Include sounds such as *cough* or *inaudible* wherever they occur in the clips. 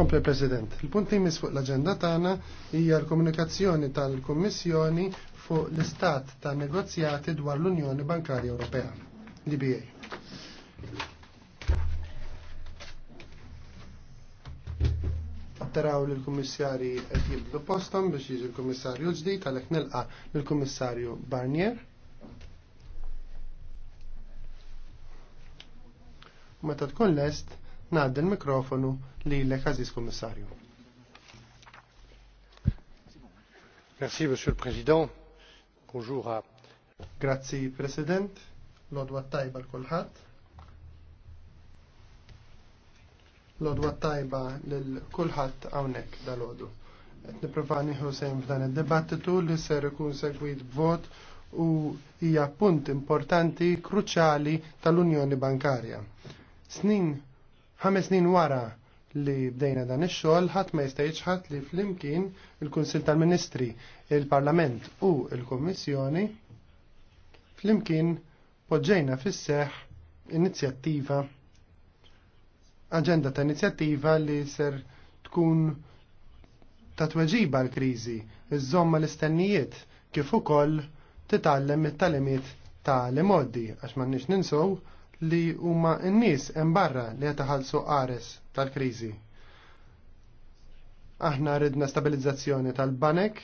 Kompli President, il-punt li fuq l-agenda tagħna hija l-komunikazzjoni tal-Kummissjoni fuq l-istat ta' negozjati dwar l-Unjoni Bankarja Ewropea, l-IBA. Taraw li l-Kummissari qed jibdu postom biex jiġi l-Kummissarju ġdid għalhekk nilqa' lill-Kummissarju Barnier. Meta tkun lest, Ngħaddi il mikrofonu l Aziz Kummissarju. Merci, Monsieur le Président. Bonjour à... Grazzi, President. Lodwa tajba l kolħat Lodwa tajba l kolħat għawnek dal odu Et niprofani Hussein f'dan il-debattitu li ser ikun segwit b'vot u hija punt importanti kruċali tal-Unjoni Bankarja. Snin Ħames snin wara li bdejna dan ix-xogħol ħadd ma jista' jiġħad li flimkien il-Kunsill tal-Ministri, il-Parlament u l-Kummissjoni flimkien poġġejna fis-seħ inizjattiva aġenda ta' inizjattiva li ser tkun ta' tweġiba l-kriżi, iżomma l-istennijiet kif ukoll titgħallem it-talimiet ta' li moddi għax m'għandniex ninsow li huma n-nies hemm barra li qed iħallsu qares tal-kriżi. Aħna ridna stabilizzazzjoni tal-banek,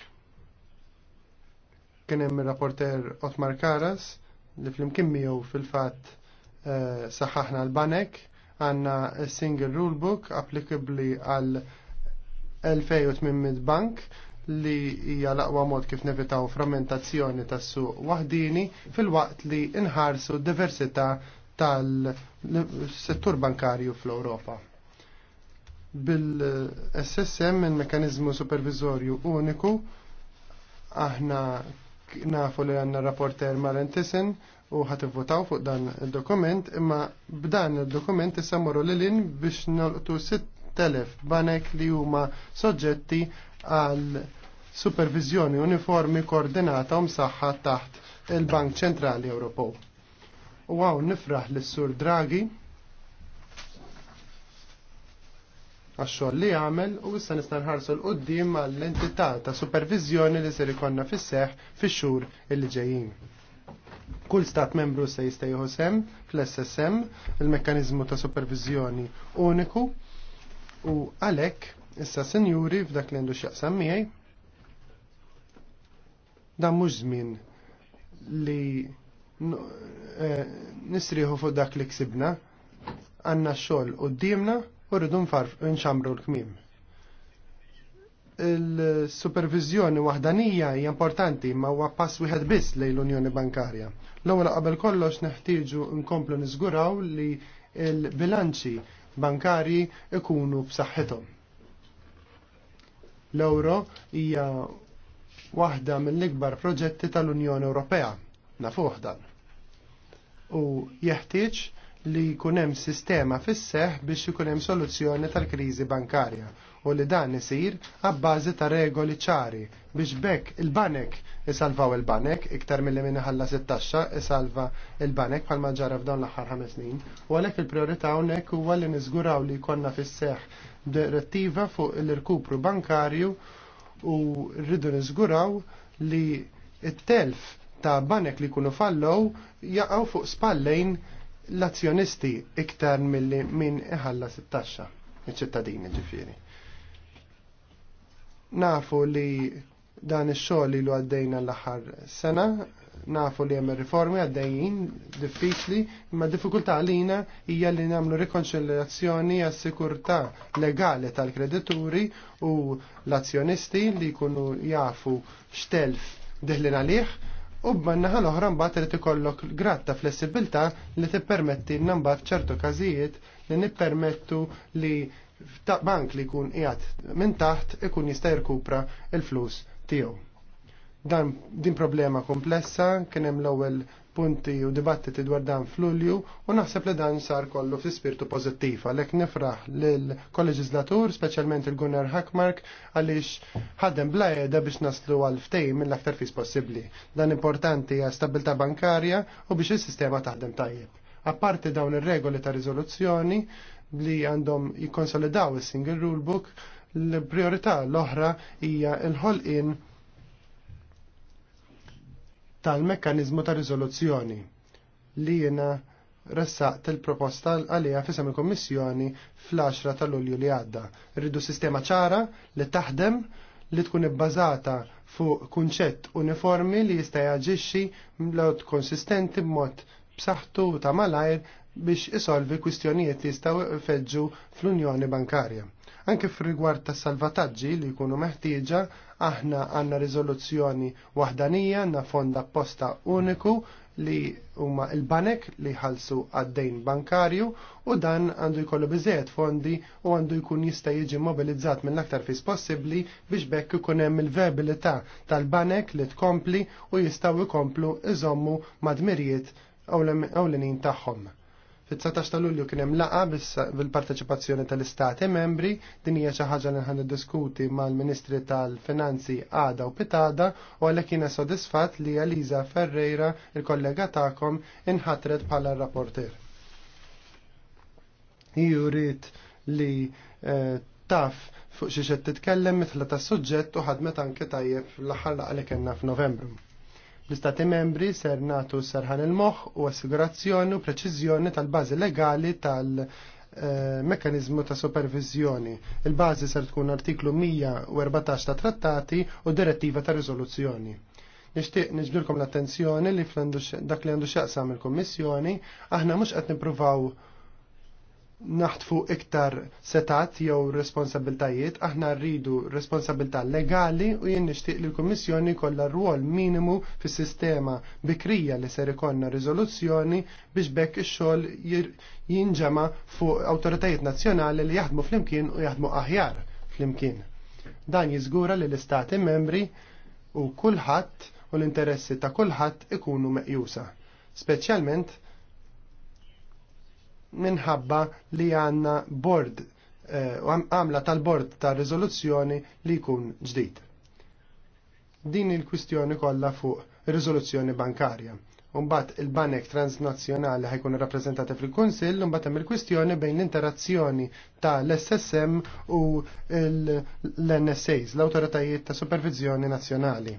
kien hemm ir-rapporter Otmar Karas li flimkien miegħu fil-fatt eh, saħħaħna l-banek għandna single rulebook applikabli għal 2800 bank li hija l-aqwa mod kif nevitaw frammentazzjoni tas-suq waħdini fil-waqt li inħarsu diversità tal-settur bankarju fl-Europa. Bil-SSM, il-mekanizmu supervizorju uniku, aħna nafu li għanna rapporter Maren Tissen u ħativvotaw fuq dan il-dokument, imma b'dan il-dokument issa li l-lin biex nolqtu 6.000 banek li huma soġġetti għal supervizjoni uniformi koordinata u msaħħa taħt il-Bank Ċentrali Ewropew u għaw nifraħ l-sur Draghi għaxxol li għamel u issa nista' nħarsu l-qoddim għall-entità ta' supervizjoni li ser ikonna fis-seħ fix-xhur illi ġejjin. Kull stat membru se jista' sem fl-SSM, il-mekkaniżmu ta' supervizjoni uniku u għalhekk issa sinjuri f'dak li għandu x'jaqsam miegħi dan mhux żmien li Eh, nisriħu fuq dak li ksibna, għanna xol u d-dimna u rridu nxamru l-kmim. Il-supervizjoni wahdanija hija importanti ma huwa pass wieħed biss lejn l-Unjoni Bankarja. L-ewwel qabel kollox neħtieġu nkomplu niżguraw li l-bilanċi bankarji ikunu b'saħħithom. L-euro hija waħda mill-ikbar proġetti tal-Unjoni Ewropea nafuh dan. U jeħtieġ li jkun hemm sistema fis biex ikun hemm soluzzjoni tal-kriżi bankarja u li dan isir għabbażi ta' regoli ċari biex bekk il-banek isalvaw il-banek iktar mill-li minn ħalla 16 isalva il-banek bħal maġġara f'dawn l-aħħar ħames snin u għalhekk il-priorità hawnhekk huwa li niżguraw li jkollna fis-seħ direttiva fuq il-rkupru bankarju u rridu niżguraw li it-telf ta' banek li kunu fallow jaqgħu fuq spallejn l-azzjonisti iktar milli minn iħalla 16 iċ-ċittadini ġifieri. Nafu li dan ix-xogħol li għaddejna l-aħħar sena, nafu li hemm riformi għaddejjin diffiċli, imma diffikultà għalina hija li nagħmlu rikonċiljazzjoni għas sikurtà legali tal-kredituri u l-azzjonisti li jkunu jafu xtelf deħlin għalih U b'mannaħa l-oħra mbagħad irid ikollok gratta flessibilità li tippermetti nambat ċertu każijiet li nippermettu li ta' bank li jkun qiegħed minn taħt ikun jista' jirkupra l-flus tiegħu. Dan din problema komplessa kien hemm l-ewwel punti u dibattiti dwar dan f'Lulju u naħseb li dan sar kollu fi spirtu pożittiv għalhekk nifraħ lill-kolleġislatur, speċjalment il-Gunnar Hackmark għaliex ħadem bla biex naslu għal ftej mill-aktar fis possibbli. Dan importanti għal stabilta bankarja u biex is-sistema taħdem tajjeb. Apparti dawn ir-regoli ta' riżoluzzjoni li għandhom jikkonsolidaw is-single rulebook, l-priorità l-oħra hija l-ħolqien tal-mekkanizmu ta' rizoluzzjoni li jiena ressaqt il-proposta għalija fisem il-Kommissjoni fl-10 ta' Lulju li għadda. Rridu sistema ċara li taħdem li tkun ibbażata fuq kunċett uniformi li jista' jaġixxi mlod konsistenti b'mod b'saħħtu ta' malajr biex isolvi kwistjonijiet li jistgħu feġġu fl-Unjoni Bankarja. Anke f'rigward tas salvataġġi li jkunu meħtieġa Aħna għanna rizoluzzjoni wahdanija, għanna fonda posta uniku li huma il-banek li ħalsu għaddejn bankarju u dan għandu jkollu biżejjed fondi u għandu jkun jista' jiġi mobilizzat mill-aktar fis possibbli biex bekk ikun hemm il-verbilità tal-banek li tkompli u jistgħu jkomplu iżommu madmirijiet ewlenin tagħhom. Fit-19 ta' Lulju kien hemm laqa bil-parteċipazzjoni tal-Istati membri, din hija xi ħaġa li ħan diskuti mal-Ministri tal-Finanzi għada u pitada u għalhekk kien sodisfatt li Eliza Ferreira, il-kollega tagħkom, inħatret bħala rapporter. Jurid li eh, taf fuq xi xed titkellem mitla tas-suġġett u ħadmet anke tajjeb l-aħħar li kellna f'Novembru. L-istati membri ser natu serħan il-moħ u assigurazzjoni u preċizjoni tal-bazi legali tal-mekanizmu eh, ta' supervizjoni. Il-bazi ser tkun artiklu 114 ta' trattati u direttiva ta' rizoluzzjoni. Nishtiq nġbirkom l-attenzjoni li dak li għandu xaqsam il-Kommissjoni, aħna mux qed nipruvaw naħtfu iktar setat jew responsabiltajiet, aħna rridu responsabilità legali u jien nixtieq li l-Kummissjoni kollha rwol minimu fis-sistema bikrija li ser ikollna riżoluzzjoni biex bekk ix-xogħol jinġema fuq awtoritajiet nazzjonali li jaħdmu flimkien u jaħdmu aħjar flimkien. Dan jiżgura li l-istati membri u kulħadd u l-interessi ta' kulħadd ikunu meqjusa, speċjalment minħabba li għanna bord eh, u għamla tal-bord ta' rizoluzzjoni li jkun ġdid. Din il-kwistjoni kollha fuq rizoluzzjoni bankarja. Umbat il-banek transnazzjonali ħajkun rappresentati fil-Kunsill, umbat hemm il-kwistjoni bejn l-interazzjoni ta' l-SSM u l-NSAs, l-Awtoritajiet ta' Supervizjoni Nazzjonali.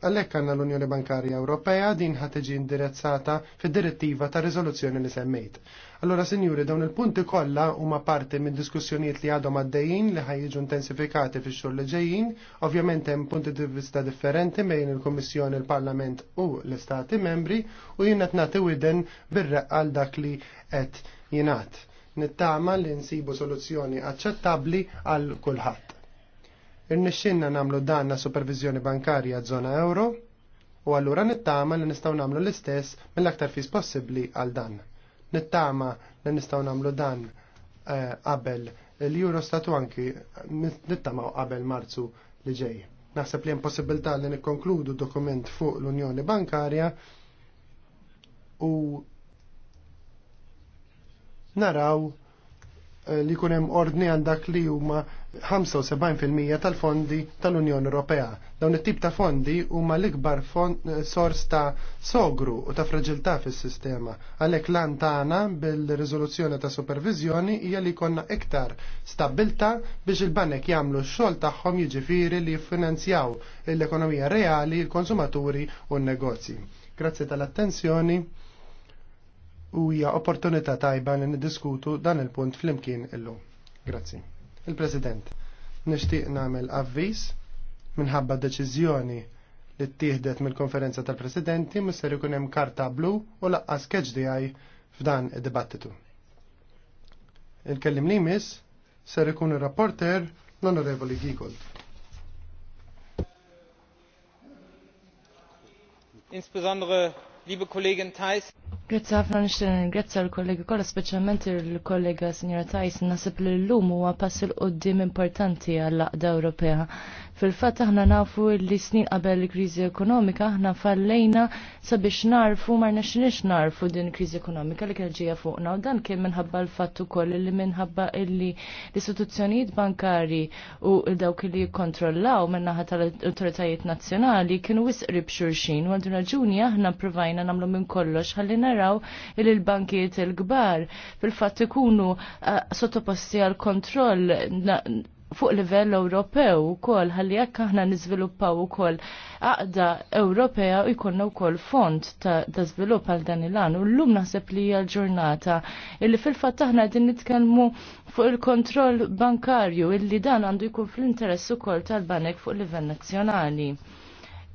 Għalhekk għandna l-Unjoni Bankarja Ewropea din ħateġi tiġi indirizzata fid-direttiva ta' riżoluzzjoni li semmejt. Allora, sinjuri, dawn il-punti kollha huma parti minn diskussjonijiet li għadhom għaddejjin li ħajġu intensifikati fix xogħol li ġejjin. Ovvjament hemm punti di vista differenti bejn il-Kummissjoni, il-Parlament u l-Istati membri u jien qed nagħti widen bir-reqqa dak li qed jingħad. Nittama li nsibu soluzzjoni aċċettabbli għal kulħadd. Irnexxinna nagħmlu danna supervizjoni bankarja żona euro u allura nittama li nistgħu nagħmlu l-istess mill-aktar fis possibbli għal dan. Nittama li nistgħu nagħmlu dan eh, qabel l-Eurostat u anki nittama qabel Marzu li ġej. Naħseb li hemm possibilità li nikkonkludu dokument fuq l-Unjoni Bankarja u naraw eh, li kunem ordni għandak li huma 75% tal-fondi tal-Unjoni Ewropea. Dawn it-tip ta' fondi huma l-ikbar eh, sors ta' sogru u ta' fragilità fis-sistema. Għalhekk lan tagħna bil-riżoluzzjoni ta' supervizjoni hija li jkollna iktar stabilta biex il-banek jagħmlu x-xogħol tagħhom jiġifieri li jiffinanzjaw l-ekonomija reali, l konsumaturi u n-negozji. Grazzi tal-attenzjoni u hija opportunità tajba li niddiskutu dan il-punt flimkien illum. Grazzi. Il-President, nishtiq namel avvis minħabba deċiżjoni li ttieħdet mill-konferenza tal-presidenti misser ikun hemm karta blu u laqqa sketch DI f'dan id-dibattitu. Il-kellim li miss ser ikun ir-rapporter l-Onorevoli Giegold. Insbesondere, liebe Kollegin Theis, Grazie ħafna nixtieq grazie al collega kollha speċjalment il-kollega Signora Tyson nasib li llum huwa pass il qudiem importanti għall-laqda Ewropea Fil-fatt aħna nafu li snin qabel il-kriżi ekonomika aħna fallejna sabiex narfu ma nix narfu din il-kriżi ekonomika li kien ġejja fuqna u dan kien minħabba l-fatt ukoll li minħabba illi l-istituzzjonijiet bankari u dawk li jikkontrollaw min-naħa tal-awtoritajiet nazzjonali kienu wisqrib xurxin u għandu raġuni aħna provajna nagħmlu minn kollox ħalli naraw li l-bankiet il-kbar fil-fatt ikunu eh, sottoposti għal kontroll fuq livell Ewropew ukoll ħalli jekk aħna niżviluppaw ukoll għaqda Ewropea u jkollna wkoll fond ta' żvilupp għal dan il-għan u llum naħseb li hija l-ġurnata illi fil-fatt aħna qegħdin nitkellmu fuq il-kontroll bankarju illi dan għandu jkun fl-interess ukoll tal-banek fuq livell nazzjonali.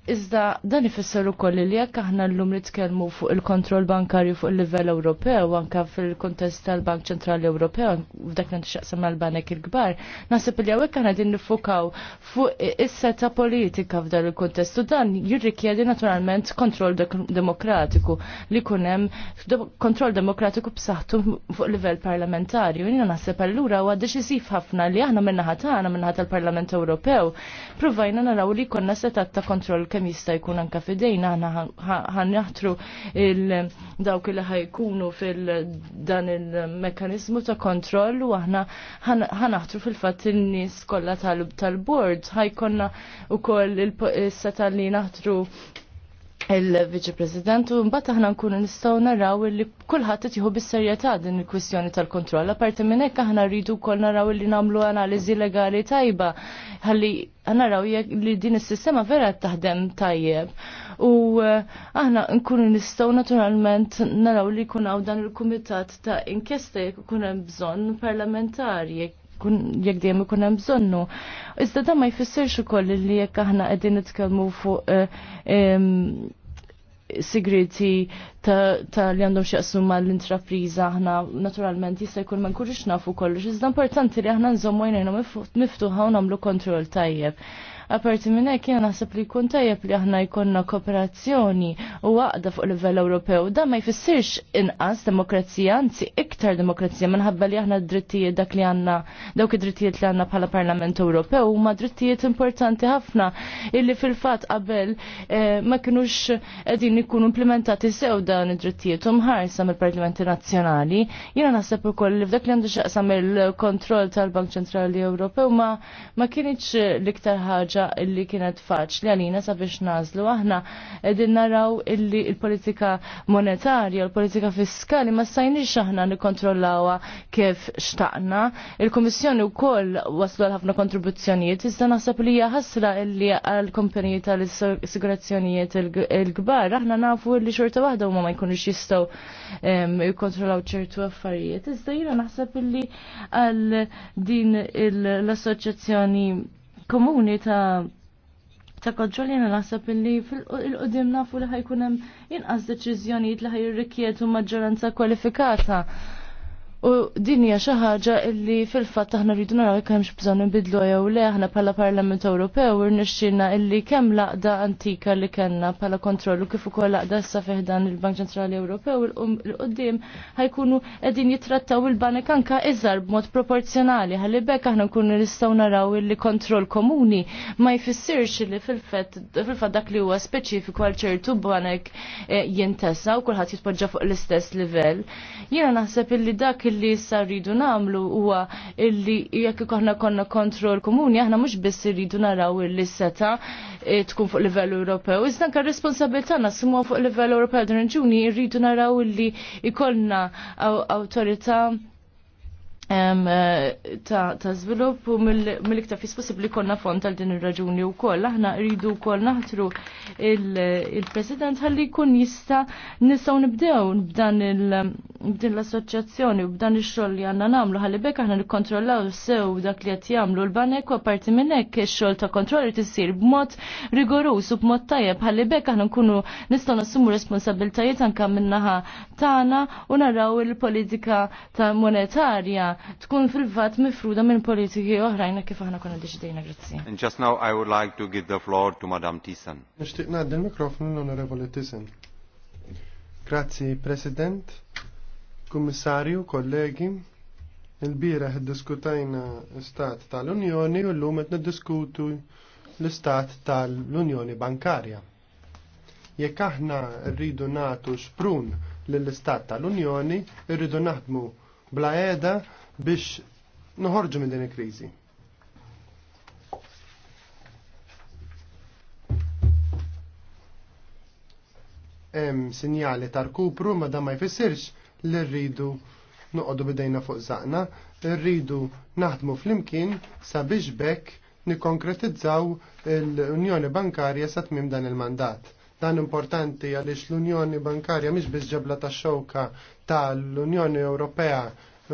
Iżda dan ifisser ukoll li jekk aħna llum nitkellmu fuq il-kontroll bankarju fuq il-livell Ewropew anke fil-kuntest tal-Bank Ċentrali Ewropew f'dak li xaqsam mal-banek il-kbar, naħseb li hawnhekk aħna din nifukaw fuq is-seta politika f'dan il-kuntest u dan jirrikjedi naturalment kontroll demokratiku li jkun hemm kontroll demokratiku b'saħħtu fuq livell parlamentari. U jiena naħseb allura huwa deċiżiv ħafna li aħna minnaħa tagħna minnaħa tal-Parlament Ewropew pprovajna naraw li konna setat ta' kontroll kemm jista' jkun anka fidejna aħna ħanjaħtru dawk li ħajkunu fil dan il-mekkaniżmu ta' kontroll u aħna ħanaħtru fil-fatt in-nies kollha tal-bord ħajkonna koll il seta li naħtru il vice President u mbagħad aħna nkunu nistgħu naraw li kulħadd qed jieħu bis-serjetà din il-kwistjoni tal-kontroll. Apparti minn hekk aħna rridu wkoll naraw li nagħmlu analiżi legali tajba ħalli naraw li din is-sistema vera taħdem tajjeb. U eh, aħna nkunu nistgħu naturalment naraw li jkun hawn dan il-kumitat ta' inkjesta jekk ikun hemm bżonn parlamentari jekk jekk dejjem ikun hemm bżonnu. Iżda dan ma jfissirx ukoll li jekk aħna qegħdin nitkellmu fuq eh, sigriti ta' li għandhom xieqsu ma' l-intrapriza aħna naturalment jista' jkun ma' nkunx nafu kollox. Iżda importanti li aħna nżommu jnejna miftuħa u nagħmlu kontroll tajjeb. Aperti minn hekk jiena naħseb li jkun tajjeb li aħna jkollna kooperazzjoni u għaqda fuq livell Ewropew. Dan ma jfissirx inqas demokrazija, anzi iktar demokrazija minħabba li aħna d-drittijiet dak li għandna dawk id-drittijiet li għandna bħala Parlament Ewropew huma drittijiet importanti ħafna illi fil-fatt qabel eh, ma kinux qegħdin ikunu implementati sew dan id-drittijiet u mħarsa mill-Parlamenti Nazzjonali. Jiena naħseb ukoll li f'dak li għandu xaqsam il-kontroll tal-Bank Ċentrali Ewropew ma ma kienx l-iktar ħaġa ħaġa illi kienet faċli għalina sabiex nażlu. Aħna qegħdin naraw illi il politika monetarja, l-politika fiskali ma stajniex aħna nikkontrollawha kif xtaqna. Il-Kummissjoni wkoll waslu għal ħafna kontribuzzjonijiet, iżda naħseb li hija illi għal kumpaniji tal-assigurazzjonijiet il-kbar, aħna nafu li xorta waħda huma ma jkunux jistgħu jikkontrollaw ċertu affarijiet. Iżda jiena naħseb illi għal din l-assoċjazzjoni komuni ta' ta' kodġolina naħseb illi fil-qoddim nafu li ħajkun hemm inqas deċiżjonijiet li ħajrikjedu maġġoranza kwalifikata U din hija xi ħaġa li fil-fatt aħna rridu naraw jekk hemmx bżonn inbidlu jew le aħna bħala Parlament Ewropew irnexxina illi kemm laqda antika li kellna bħala kontrollu kif ukoll laqda issa fiħdan il-Bank Ċentrali Ewropew il-qudiem ħajkunu qegħdin jitrattaw il-banek anke iżgħar b'mod proporzjonali ħalli bekk aħna nkunu nistgħu naraw illi kontroll komuni ma jfissirx li fil-fatt fil-fatt dak li huwa speċifiku għal ċertu banek eh, jintesa u kulħadd jitpoġġa fuq l-istess livell. Jiena naħseb illi dak illi issa rridu nagħmlu huwa illi jekk aħna konna kontroll komuni aħna mhux biss irridu naraw illi seta eh, tkun fuq livell Ewropew. Iżda anke responsabilità nasimwa fuq livell Ewropew din raġuni rridu naraw illi ikollna awtorità Eh, ta' ta' zvilup u mill-iktar fis li konna fond tal din ir-raġuni u koll. Aħna rridu wkoll naħtru il-President ħalli jkun jista' nistgħu nibdew b'dan il l-assoċjazzjoni u b'dan ix-xogħol li għandna nagħmlu ħalli bekk aħna nikkontrollaw sew dak li qed jagħmlu l-banek u apparti minn hekk ix-xogħol ta' kontroll irid isir b'mod rigorus u b'mod tajjeb ħalli bekk aħna nkunu nistgħu nassumu responsabiltajiet anke min-naħa tagħna u naraw il-politika ta' monetarja tkun fil-vat mifruda minn politiki oħrajna kif aħna konna deċidejna grazzi. And just now I would like to give the floor to Madame Thyssen. Nishtiq ngħaddi l-mikrofonu l-Onorevoli Thyssen. Grazzi President, Kummissarju, kollegi. Il-bira diskutajna l stat tal-Unjoni u l-lum qed diskutu l stat tal-Unjoni Bankarja. Jekk aħna rridu natu xprun l-Stat tal-Unjoni, rridu naħdmu bla eda biex noħorġu minn din il-kriżi. Hemm sinjali ta' rkupru ma dan ma jfissirx li rridu noqogħdu bidejna fuq zaqna, rridu naħdmu flimkien sabiex bekk nikkonkretizzaw l-Unjoni Bankarja sa tmim dan il-mandat. Dan importanti għaliex l-Unjoni Bankarja mhix biss ġebla ta' xewka tal-Unjoni Ewropea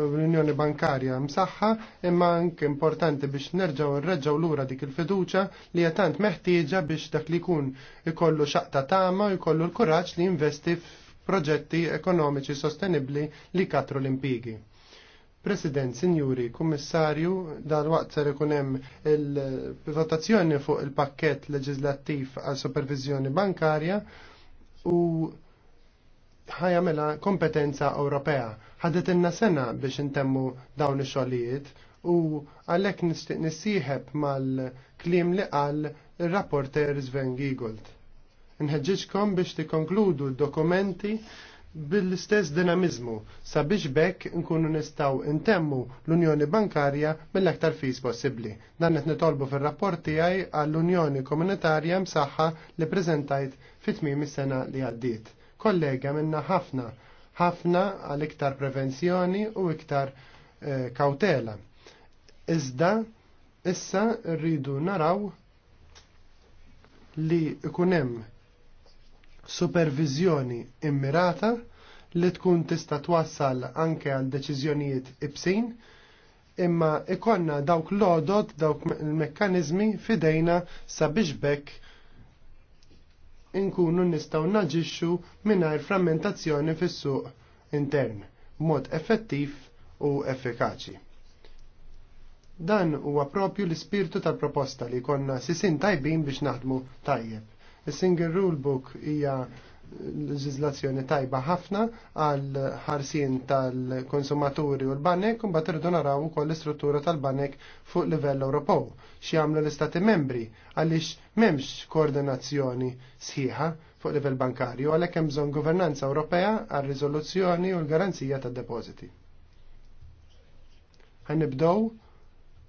l-Unjoni Bankarja msaħħa imma anke importanti biex nerġaw nreġaw lura dik il-fiduċa li hija tant meħtieġa biex dak li jkun ikollu xaqta tama u jkollu l-kuraġġ li jinvesti f'proġetti ekonomiċi sostenibbli li katru l-impigi. President, Sinjuri, Kummissarju, dal-waqt ser ikun hemm il-votazzjoni fuq il-pakkett leġislattiv għal supervizjoni bankarja u ħajamela kompetenza Ewropea. Ħadet inna sena biex intemmu dawn ix-xogħlijiet u għalhekk nissieħeb mal-kliem li qal ir-rapporter Sven Giegold. Nħeġġiġkom biex tikkonkludu d-dokumenti bil-istess dinamizmu sabiex bekk nkunu nistaw intemmu l-Unjoni Bankarja mill-aktar fis possibbli. Dan qed nitolbu fir-rapport tiegħi għall-Unjoni Komunitarja msaħħa li preżentajt fit-tmiem is-sena li għaddiet kollega minna ħafna, ħafna għal iktar prevenzjoni u iktar eh, kautela. Iżda, issa rridu naraw li ikunem supervizjoni immirata li tkun tista twassal anke għal deċiżjonijiet ibsin imma ikonna dawk l-odot, dawk il-mekkanizmi fidejna sabiex bekk inkunu nistaw naġixxu mingħajr frammentazzjoni fis-suq intern mod effettiv u effikaċi. Dan huwa propju l-ispirtu tal-proposta li konna sisin tajbin biex naħdmu tajjeb. Is-Single Rule Book hija legislazzjoni tajba ħafna għal ħarsien tal-konsumaturi u l-banek, un bat irridu naraw ukoll l-istruttura tal-banek fuq livell Ewropew. jagħmlu l-istati membri għaliex m'hemmx koordinazzjoni sħiħa fuq livell bankarju għalhekk hemm bżonn governanza Ewropea għal riżoluzzjoni u l-garanzija tad-depożiti. Ħanibdew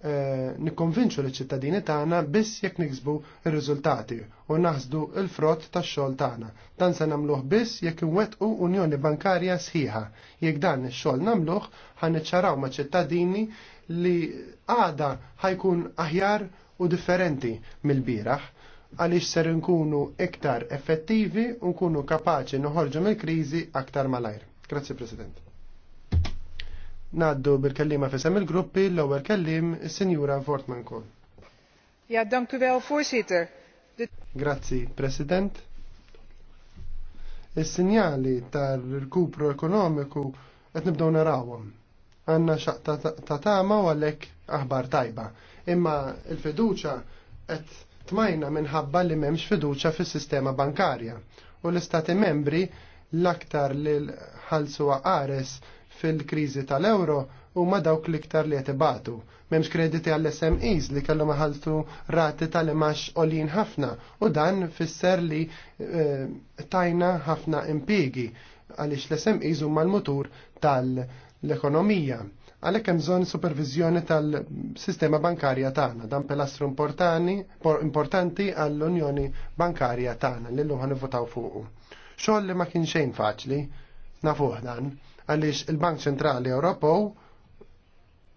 Eh, nikkonvinċu li ċittadini tagħna biss jekk niksbu r-riżultati u naħsdu l-frott tax-xogħol tagħna. Dan se nagħmluh biss jekk inwettqu Unjoni Bankarja sħiħa. Jekk dan ix-xogħol nagħmluh ħaniċċaraw ma' ċittadini li għada ħajkun aħjar u differenti mill-bieraħ għaliex ser nkunu iktar effettivi u nkunu kapaċi noħorġu mill-kriżi aktar malajr. Grazie President. Naddu bil-kellima fisem il-gruppi l-ewwel kellim is-Sinjura Fortman Ja, dank u wel, voorzitter. Grazzi, President. Is-sinjali tar-rkupru ekonomiku qed nibdew narawhom. Għanna xaq ta' tama u għalhekk aħbar tajba. Imma l-fiduċa qed tmajna minħabba li m'hemmx fiduċa fis-sistema bankarja u l-istati membri l-aktar li ħalsu għares fil-kriżi tal-euro huma dawk l-iktar li qed ibatu. M'hemmx krediti għall-SMEs li kellu maħaltu rati tal-imax olin ħafna u dan fisser li eh, tajna ħafna impjiegi għaliex l-SMEs huma l-mutur tal-ekonomija. Għalhekk hemm bżonn supervizjoni tal-sistema bankarja tagħna, dan pilastru importanti għall-Unjoni Bankarja tagħna li llum ħanivvotaw fuqu. Xogħol li ma kien xejn faċli, nafuh dan għaliex il-Bank Ċentrali Ewropew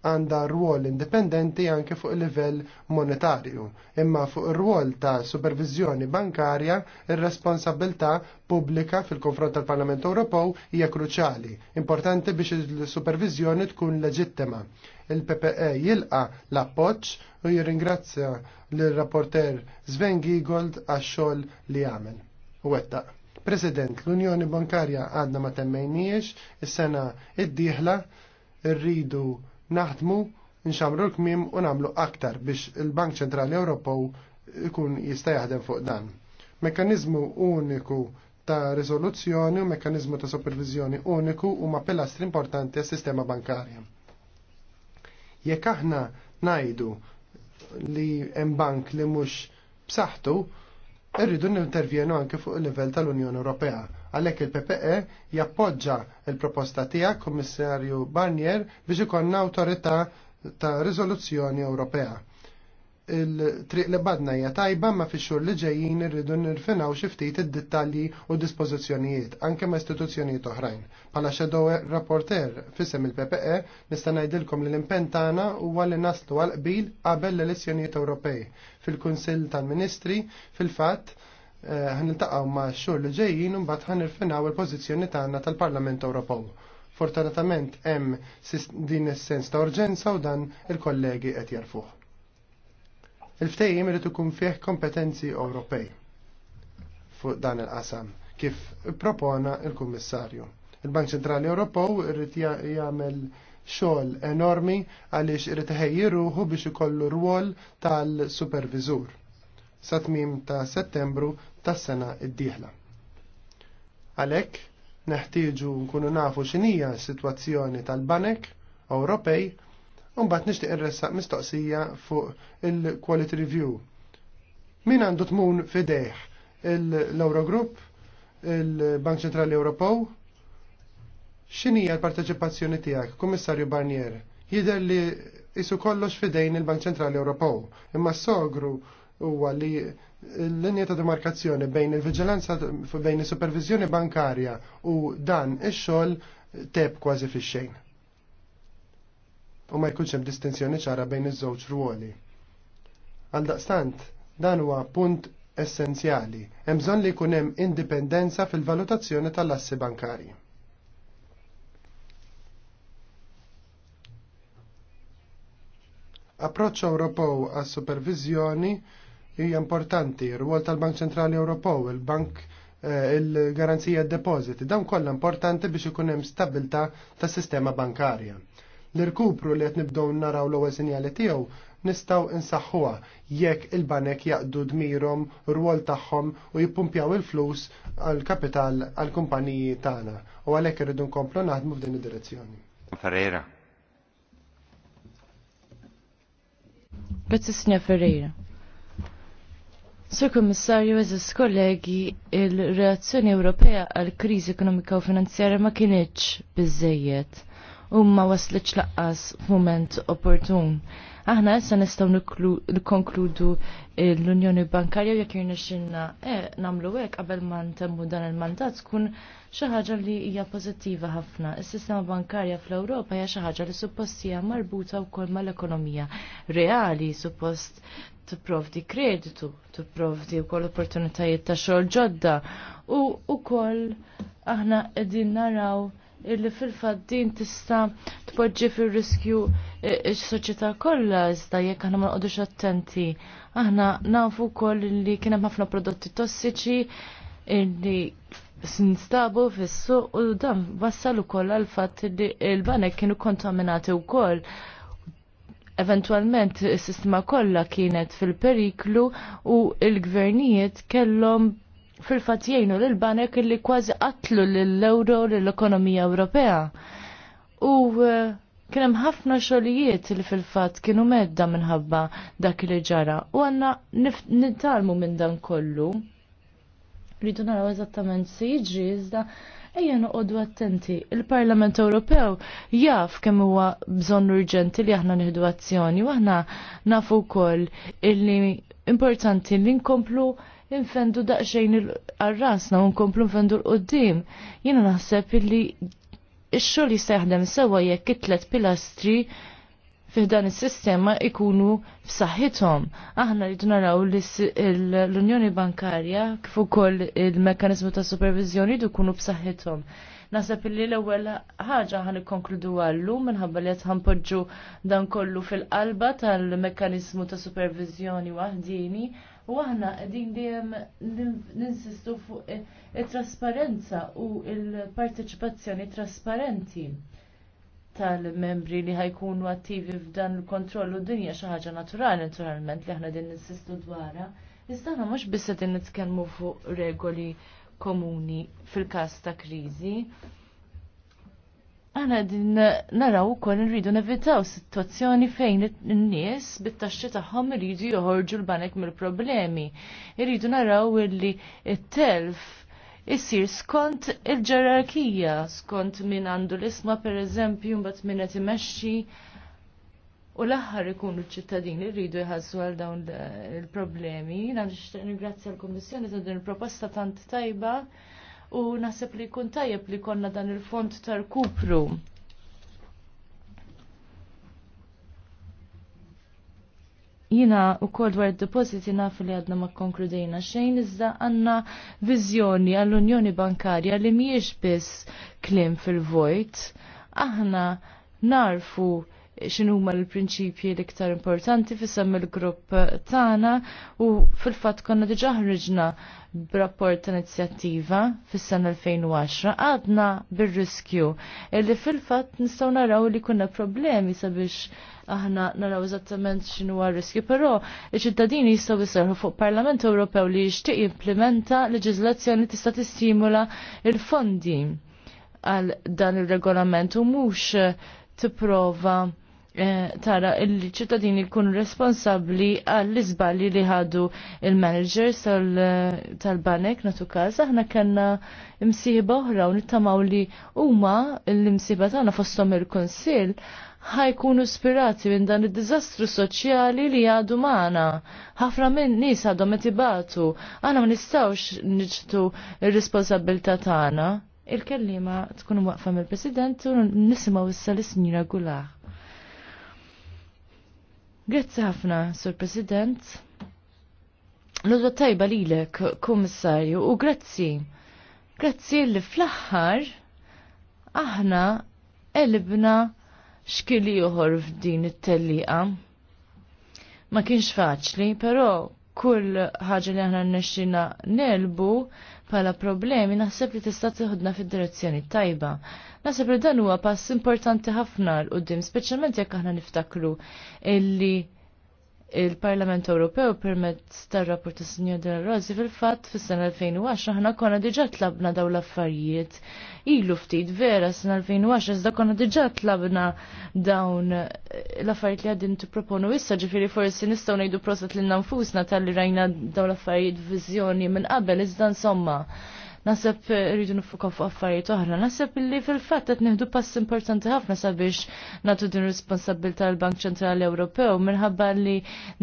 għandha rwol indipendenti anke fuq il-livell monetarju, imma fuq ir-rwol ta' supervizjoni bankarja ir-responsabilità pubblika fil-konfront tal-Parlament Ewropew hija kruċjali, importanti biex il-supervizjoni tkun leġittima. Il-PPE jilqa l-appoġġ u jirringrazzja l-rapporter Sven Giegold għax-xogħol li għamel. U wettaq. President, l-Unjoni Bankarja għadna ma temmejniex, is-sena id-dieħla rridu naħdmu nxamru l-kmim u namlu aktar biex il-Bank Ċentrali Ewropew ikun jista' jaħdem fuq dan. Mekanizmu uniku ta' rizoluzzjoni u mekanizmu ta' supervizjoni uniku huma pilastri importanti għas sistema bankarja. Jekk aħna najdu li hemm bank li mhux b'saħħtu, Irridu nintervjenu anke fuq il-livell tal-Unjoni Ewropea. Għalhekk il-PPE jappoġġa l proposta tiegħek, Kummissarju Barnier, biex ikollna awtorità ta' riżoluzzjoni Ewropea il-triq li badna hija tajba ma fi xhur li ġejjin irridu nirfinaw xi ftit id-dettalji u dispożizzjonijiet anke ma' istituzzjonijiet oħrajn. Bħala shadow rapporter fisem il-PPE nista' ngħidilkom li l-impenn tagħna huwa li naslu għal qbil qabel l-elezzjonijiet Ewropej fil-Kunsill tal-Ministri fil-fatt eh, ħaniltaqgħu ma' xhur li ġejjin u mbagħad ħanirfinaw il-pożizzjoni tagħna tal-Parlament Ewropew. Fortunatament hemm din is-sens ta' urġenza u dan il-kollegi qed jarfuh. Il-ftejim irrid ikun fih kompetenzi Ewropej fuq dan il-qasam kif propona il-Kummissarju. Il-Bank Ċentrali Ewropew irid jagħmel xogħol enormi għaliex irid ruħu biex ikollu rwol tal-supervizur sa tmim ta' settembru tas-sena d-dieħla. Għalhekk neħtieġu nkunu nafu x'inhija s-sitwazzjoni tal-banek Ewropej Umbat nishtiq irressaq mistoqsija fuq il-quality review. Min għandu tmun fideħ? l Group? Il-Bank Ċentrali Ewropew? X'inhija l-parteċipazzjoni tiegħek, Kummissarju Barnier? Jidher li isu kollox fidejn il-Bank Centrali Ewropew, imma s-sogru huwa li l-linja ta' demarkazzjoni bejn il-vigilanza bejn il supervizjoni bankarja u dan ix-xogħol teb kważi fix-xejn u ma jkunx hemm distinzjoni ċara bejn iż-żewġ ruoli. Għaldaqstant, dan huwa punt essenzjali, hemm bżonn li jkun hemm indipendenza fil-valutazzjoni tal-assi bankari. Approċċ Ewropew għas supervizjoni hija importanti, r-rwol tal-Bank Ċentrali Ewropew, il-Bank eh, il-garanzija d-depositi, dan kollha importanti biex ikun hemm stabilta tas-sistema bankarja. L-irkupru li qed naraw l-ewwel sinjali tiegħu nistgħu insaħħuha jekk il-banek jaqdu dmirhom rwol tagħhom u jippumpjaw il-flus għal kapital għal kumpaniji tagħna u għalhekk irridu nkomplu naħdmu f'din id-direzzjoni. Ferreira. Grazzi Sinja Ferreira. Sur Kommissarju, eżis kollegi, il-reazzjoni Ewropea għal kriżi ekonomika u finanzjarja ma kienieċ biżejjed u ma waslitx laqqas f'mument opportun. Aħna issa nistgħu nikkonkludu l-Unjoni Bankarja jekk jirnexxinna e nagħmlu hekk qabel ma ntemmu dan il-mandat tkun xi ħaġa li hija pożittiva ħafna. Is-sistema bankarja fl-Ewropa hija xi ħaġa li suppost hija marbuta wkoll mal-ekonomija reali suppost tipprovdi kreditu, tipprovdi wkoll opportunitajiet ta' xogħol ġodda u wkoll aħna qegħdin naraw illi fil-fat din tista' tpoġġi fir-riskju e, s-soċjetà kollha iżda jekk aħna ma nqogħdux attenti. Aħna nafu wkoll li kien hemm ħafna prodotti tossiċi illi sinstabu fis-suq u dan wassal ukoll għal fatt li l-banek kienu kontaminati wkoll eventualment is-sistema kollha kienet fil-periklu u l-gvernijiet kellhom fil-fat jgħinu l-banek li kważi qatlu l-euro l-ekonomija Ewropea. U eh, kienem ħafna xogħlijiet li fil-fat kienu medda minħabba dak li ġara u għanna nittalmu minn dan kollu. Rridu naraw eżattament se jiġri iżda Ejja noqogħdu attenti. Il-Parlament Ewropew jaf kemm huwa bżonn urġenti li aħna nieħdu azzjoni u aħna nafu wkoll illi importanti li nkomplu infendu daqxejn għal-rasna u nkomplu nfendu l-qoddim. Jina naħseb illi ix-xogħol jista' jaħdem sewwa jekk pilastri fiħdan is-sistema ikunu f'saħħithom. Aħna rridu naraw li l-Unjoni Bankarja kif ukoll il-mekkaniżmu ta' supervizjoni kunu jkunu b'saħħithom. Nasab li l-ewwel ħaġa ħan ikkonkludu għallu minħabba li qed ħanpoġġu dan kollu fil-qalba tal-mekkaniżmu ta' supervizjoni waħdini U aħna qegħdin dijem ninsistu fuq it-trasparenza u l-parteċipazzjoni trasparenti tal-membri li ħajkunu attivi f'dan il-kontroll u dinja xi ħaġa naturali naturalment li aħna din ninsistu dwarha. Iżda mux mhux biss qegħdin nitkellmu fuq regoli komuni fil-każ ta' kriżi Għana din naraw ukoll nridu nevitaw situazzjoni fejn n-nies bit-taxxi tagħhom iridu joħorġu l-banek mill-problemi. Irridu naraw illi t-telf Issir skont il-ġerarkija, skont min għandu l-isma per eżempju mbagħad min qed imexxi u l-aħħar ikunu ċ-ċittadini rridu jħassu għal dawn il-problemi. Jiena nixtieq ningrazzja l-Kummissjoni ta' din il-proposta tant tajba u naħseb li jkun tajjeb li konna dan il-fond tal-kupru. jina u kol dwar depositi naf li għadna ma konkludejna xejn iżda għanna vizjoni għall-Unjoni Bankarja li miex biss klim fil-vojt. Aħna narfu xinu huma l-prinċipji l-iktar importanti fissam il-grupp tagħna u fil fatt konna diġà ħriġna b'rapport ta' inizjattiva fis-sena 2010 għadna bir-riskju illi fil fatt nistgħu naraw li kunna problemi sabiex aħna naraw eżattament xinu għal riskju però iċ-ċittadini jistgħu jisserħu fuq Parlament Ewropew li jixtieq jimplementa leġiżlazzjoni tista' tistimula il-fondi għal dan ir regolament u mhux tipprova Eh, tara il-ċittadini kun responsabli għall-izballi li ħadu il-managers tal-banek natu kaza, Aħna kanna imsiħba oħra u nittamaw li huma l-imsiħba tagħna fosthom il-Kunsill ħajkunu spirati minn dan id-diżastru soċjali li għadu maħna. ħafna minn nis għadhom qed ibatu. Għana ma nistgħux niġtu ir responsabilta tagħna. Il-kellima tkun waqfa mill-President u nisimgħu issa l-Sinjura Gulah. Grazzi ħafna, Sur President. L-odwa tajba lilek, Kummissarju, u grazzi. Grazzi li fl-aħħar aħna elbna xkili uħor f'din it-tellieqa. Ma kienx faċli, però kull ħaġa li aħna nexxina nelbu pala problemi naħseb li tista' tieħodna fid-direzzjoni tajba. Naħseb li dan huwa pass importanti ħafna l qudiem speċjalment jekk aħna niftakru illi il-Parlament Ewropew permezz tar-rapport ta' Sinjor Del Rosi fil-fatt fis-sena 2010 aħna konna diġà tlabna dawn l-affarijiet. Ilu ftit vera sena 2010 iżda konna diġà tlabna dawn eh, l-affarijiet li għadin tipproponu issa ġifieri forsi nistgħu ngħidu proset lil nfusna tal-li rajna dawn l-affarijiet viżjoni minn qabel iżda insomma Nasab eh, rridu nifuk fuq affarijiet oħra. Nasab li fil-fatt qed nieħdu pass importanti ħafna sabiex nagħtu din responsabilità l-Bank Ċentrali Ewropew minħabba li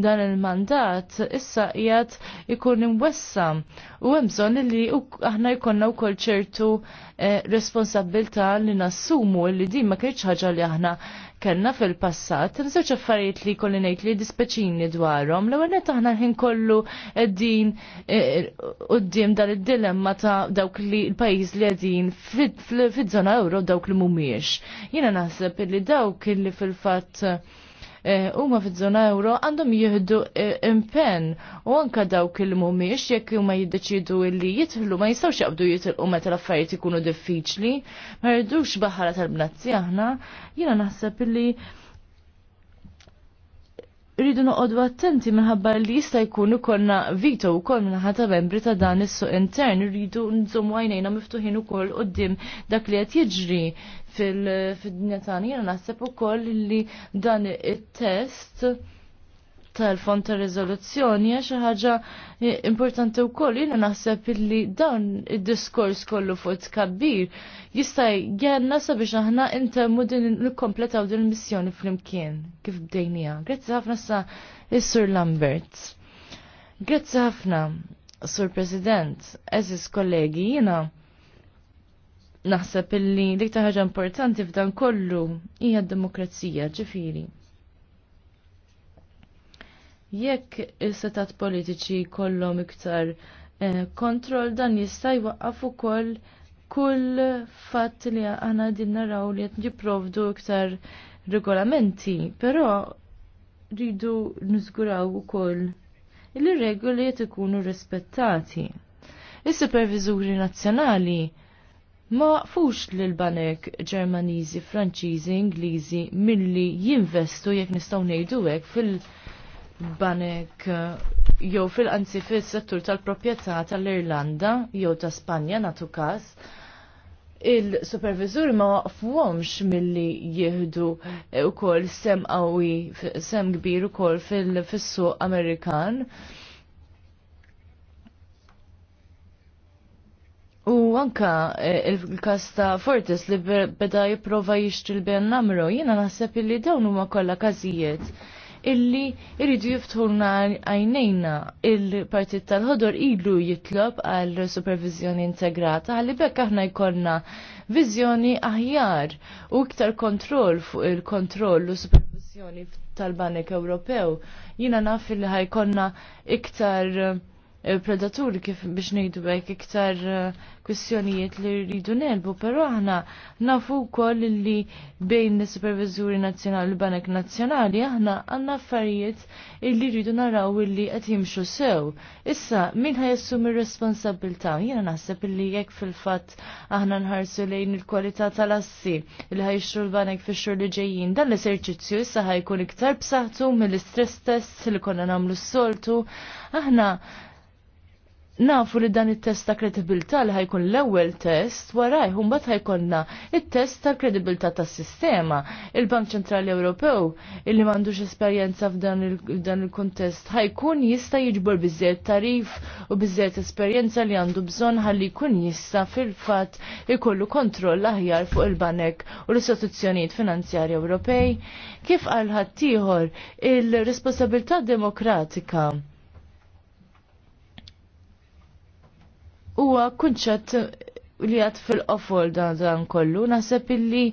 dan il-mandat issa qiegħed ikun imwessam u hemm bżonn li aħna jkollna wkoll ċertu eh, responsabilità li nassumu li din ma kienx ħaġa li aħna kellna fil-passat, nżewġ affarijiet li kolli ngħid li dispeċini dwarhom. L-ewwel qed aħna ħin kollu qegħdin e, quddiem dan id-dilemma ta' dawk li l-pajjiż li qegħdin fiż-żona euro dawk li mhumiex. Jiena naħseb li dawk li fil-fatt Eh, huma fiż-żona euro għandhom jieħdu eh, impenn u anka dawk il mhumiex jekk huma jiddeċidu li jidħlu ma jistgħux jaqbdu jitilqu meta l-affarijiet ikunu diffiċli, ma rridux baħara tal-bnazzi aħna, jiena naħseb illi rridu noqogħdu attenti minħabba li jista' jkun ikollna vito wkoll minħa ta' membri ta' dan is-suq intern rridu nżommu għajnejna miftuħin ukoll qudiem dak li qed jiġri fil-dinja tagħna jiena naħseb ukoll li dan it-test tal-fond ta' rezoluzzjoni hija xi ħaġa importanti wkoll jiena naħseb illi dan id-diskors kollu fuq tkabbir jista' jgħinna sabiex aħna intemmu din nikkompletaw din il-missjoni flimkien kif bdejnija. Grazzi ħafna sa is-Sur Lambert. Grazzi ħafna, Sur President, eżis kollegi, jiena naħseb illi dik ta' ħaġa importanti f'dan kollu hija d-demokrazija ġifiri. Jekk il setat politiċi kollhom iktar eh, kontroll dan jista' jwaqqaf ukoll kull fatt li aħna din naraw li qed jipprovdu iktar regolamenti, però rridu nżguraw ukoll il-regoli qed ikunu rispettati. Is-superviżuri nazzjonali ma waqfux lil banek Ġermaniżi, Franċiżi, Ingliżi milli jinvestu jekk nistgħu ngħidu hekk fil- banek eh, jew fil-anzi fil-settur tal-proprjetà tal-Irlanda jew ta' Spanja natu każ il supervisur ma waqfuhomx milli jieħdu wkoll eh, sem qawwi sem kbir ukoll fis-suq Amerikan. U anka eh, il-kas ta' Fortis li beda jiprofa jixtri l-Ben Namro, jina naħseb li dawn huma kollha każijiet illi iridu jiftħulna għajnejna il-partit tal-ħodor ilu jitlob għal supervizjoni integrata għalli bekk aħna jkollna vizjoni aħjar u iktar kontroll fuq il-kontroll u supervizjoni tal-Banek Ewropew. Jina naf il ħajkonna iktar predaturi kif biex nejdu għek iktar eh, kwestjonijiet li rridu nelbu, pero aħna nafu wkoll li bejn supervizuri nazzjonali u banek nazzjonali aħna għandna affarijiet li rridu naraw li qed jimxu sew. Issa min ħajassum ir responsabilta Jiena naħseb illi jekk fil-fatt aħna nħarsu lejn il-kwalità tal-assi li ħajxru l-banek fix-xhur li ġejjin. Dan l eserċizzju issa ħajkun iktar b'saħħtu mill-istress test li konna nagħmlu s-soltu. Aħna nafu li dan it-test ta' kredibilità li ħajkun l-ewwel test warajh mbagħad ħajkunna il test ta' kredibilta tas-sistema. Il-Bank Ċentrali Ewropew illi m'għandux esperjenza f'dan il-kuntest ħajkun jista' jiġbor biżejjed tarif u biżejjed esperjenza li għandu bżonn ħalli jkun jista' fil-fatt ikollu kontroll aħjar fuq il-banek u l-istituzzjonijiet finanzjari Ewropej. Kif għal ħaddieħor il-responsabilità demokratika huwa kunċett li għad fil-qofol dan kollu. Naħseb illi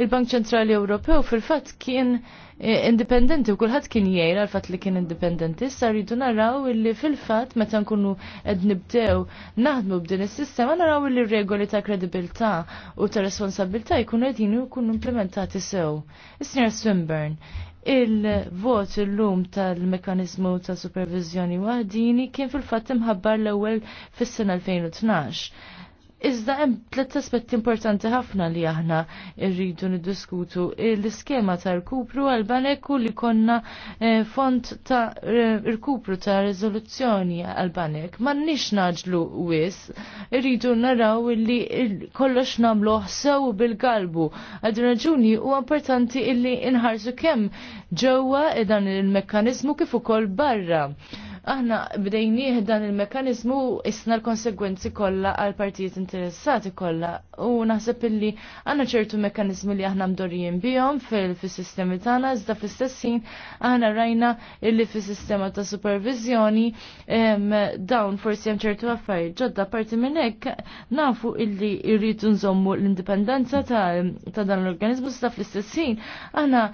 il-Bank Ċentrali Ewropew fil-fatt kien eh, indipendenti u kulħadd kien jgħid l-fat li kien indipendenti. Issa rridu naraw illi fil-fatt meta nkunu qed nibdew naħdmu b'din is-sistema naraw illi regoli ta' kredibilità u ta' responsabilità jkunu qegħdin jkunu implementati sew. Is-Sinjor Swinburne, Il-vot illum tal-mekanizmu ta' supervizjoni waħdini kien fil-fatt imħabbar l-ewwel fis-sena 2012. Iżda hemm tliet aspetti importanti ħafna li aħna rridu niddiskutu l-iskema ta' rkupru għal banek u li konna eh, font ta' eh, rkupru ta' riżoluzzjoni għal banek. Ma nix naġlu wis, rridu naraw li kollox namlu sew bil-galbu. Għadu raġuni u importanti illi inħarsu kemm ġewwa dan il-mekkanizmu kif ukoll barra aħna bdejnieh dan il-mekanizmu isna l-konsegwenzi kollha għal partijiet interessati kollha u naħseb illi għandna ċertu mekanizmi li aħna mdorrijin bihom fil-sistemi tagħna iżda fl-istessin aħna rajna illi fis-sistema ta' supervizjoni dawn forsi hemm ċertu affarijiet ġodda parti minn hekk nafu illi rridu nżommu l-indipendenza ta' dan l-organizmu sta fl-istessin aħna